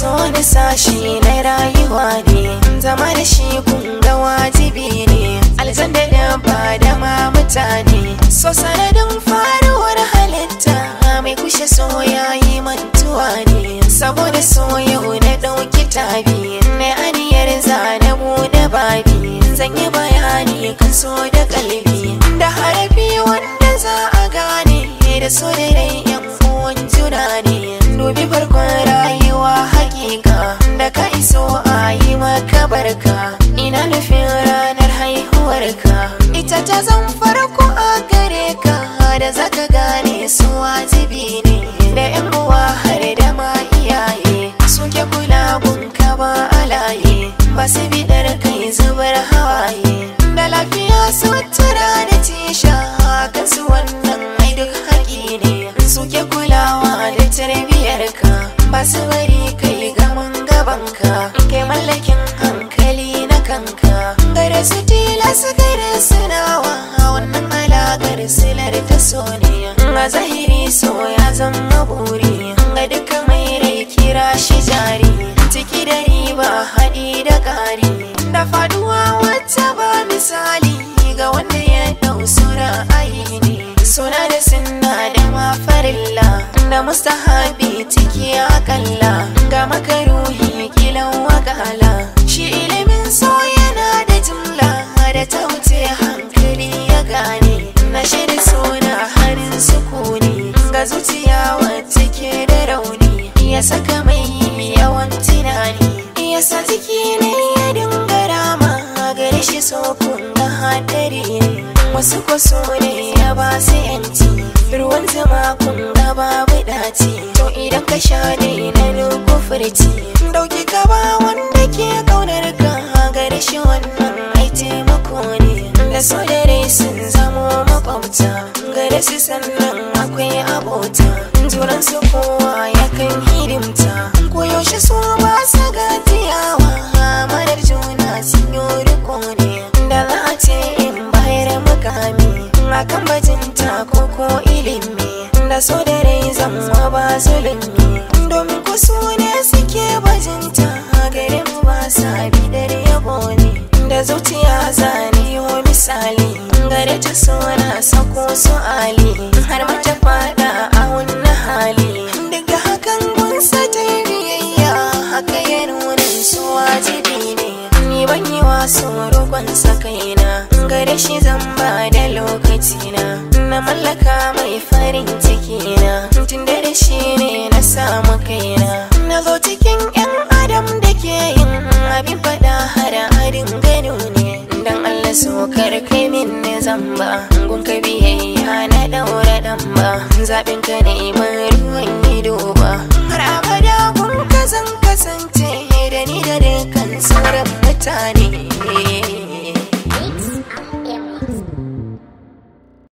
Soni da sashi na rayuwa ne zama da shi kun ga wajibi ne alzanda da ba da ma mutane so sanadin faruwar halitta mai kushe so yi mantuwa ne saboda so yau na ɗauki tabi na aniyar zane da babi zan yi bayani kan so da kalbi da harafi wanda za a gane da so da rai yan uwan juna ne dubi farko masu bidar kai zubar hawaye da lafiya su tara da tisha haka su wannan mai duk haƙi ne suke kulawa da tarbiyyar ka ba su bari kai gaman gaban ka kai mallakin hankali na kanka gare su tilasa gare su nawa wannan alaƙar silar ta so ne a zahiri so ya zama buwa kalla na mustahabi ciki kalla ga makaruhi kilan wakala shi ilimin so yana da jumla da ta hankali ya gane na da suna harin sukuni ga zuciya wata ke da rauni ya saka mai yawan tunani ya sa ne ya dinga rama gare shi sokun na hadari wasu kwaso ne ya ba su yanci ruwan zama kun ga babu daci to idan ka sha dai na dogo furci dauki ka ba wanda ke kaunar ka gare shi wannan ai taimako ne da so da rai sun zamo makwabta gare su sannan akwai abota juran su kowa ya kan hidimta ilimi da so da rai zama ba zulumi domin ku ne suke bajinta garin ba bi da yabo ne da zuciya zane wa misali gare ta suna sako su ali har mata fada a wani hali daga hakan gunsa ta biyayya haka ya wani su wajibi ne ni ban yi wasu roƙon sa kaina gare shi zan ba da lokacina na mallaka mai farin ciki na tun da shi ne na samu kaina na zo cikin yan adam da ke yin abin fada hada adin gano ne dan Allah so kar kai min ne zan ba gun ka biyayya na daura dan ba zaɓin ka ne ban ruwan ido ba har abada gun ka kasance da ni da dukkan sauran mutane